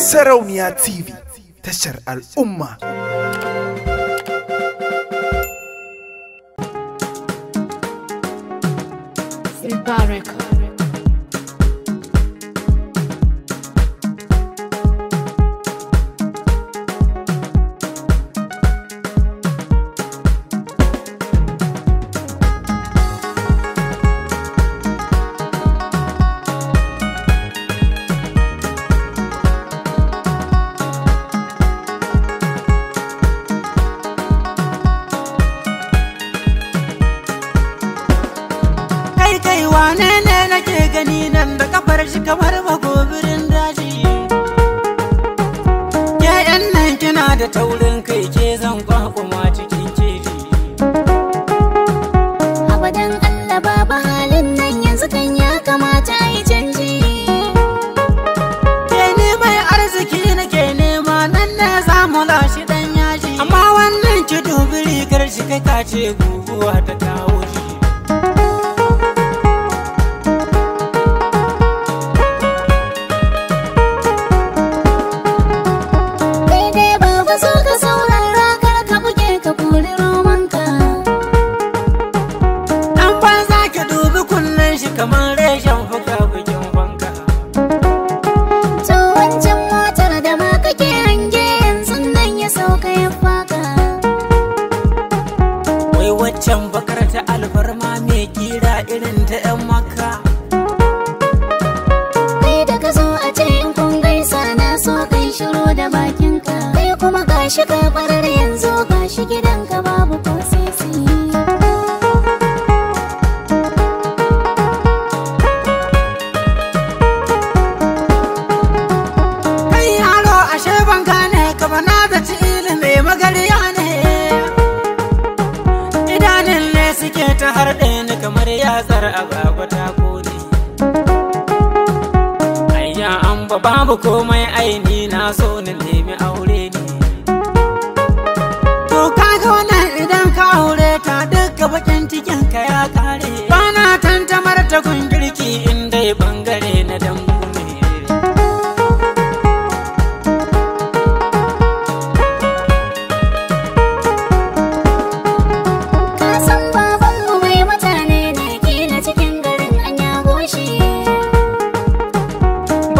سرونيا تي في تشر الأمة Barricade. wane ne nake gani nan da kafar shi kamar magobirin daji yayan nan kina da taurin kai ke zan kwakuma cikin keji abadan allah baba halin nan yanzu kan ya kamata a yi canji ke mai arziki nake nema nan ne za mu lashe dan yaji amma wannan ki dubi rigar kai ka ce guguwa ta kawo irin ta 'yan maka. Kai da ka zo a ce in kun gaisa na so kai shiru da bakinka. Kai kuma gashi ka yanzu gashi gidanka. agwagwa ta ayya an ba babu komai aini na so na nemi aure ne to kaga wannan idan ka aure ta duka bakin cikin ka ya kare bana tantamar ta kun girki in dai ban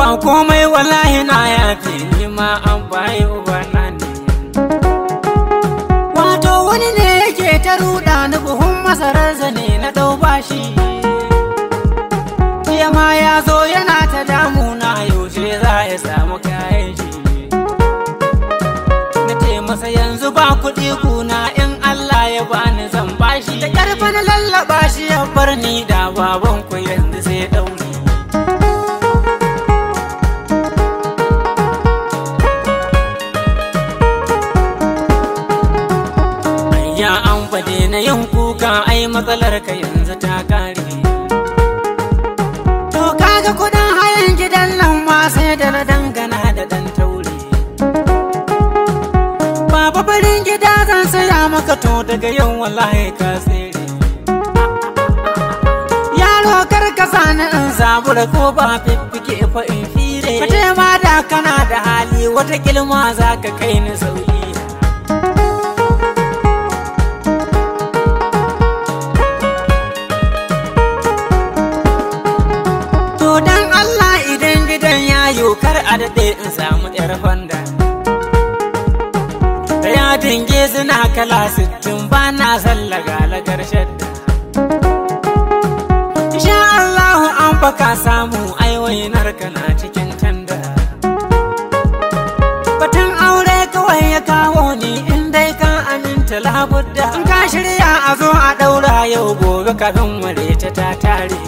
ba komai wallahi na yafi ni ma an bayi uba na ne wato wani ne yake ta ruɗa ni buhun masarar zane na dau bashi jiya ma ya zo yana ta damu na yaushe za ya samu kayan shi na ce masa yanzu ba kuɗi kuna in Allah ya bani zan bashi da ƙarfa lallaba shi ya barni da baban ya an fade na yin kuka ai matsalar ka yanzu ta kare to kaga kudin hayan gidan nan ma sai da na dangana da dan taure baba farin gida zan saya maka to daga yau wallahi ka tsere yaro kar ka sani in zabura ko ba fiffike fa in fire ka ma da kana da hali wata kilma za ka kai ni sauki daɗe in samu yar honda ya dinge suna kala sittin ba na sallaga lagar shadda insha Allah an baka samu aiwainar kana cikin tanda batun aure kawai ya kawo ni in dai ka aminta labudda in ka shirya a zo a ɗaura yau gobe karin mare ta tare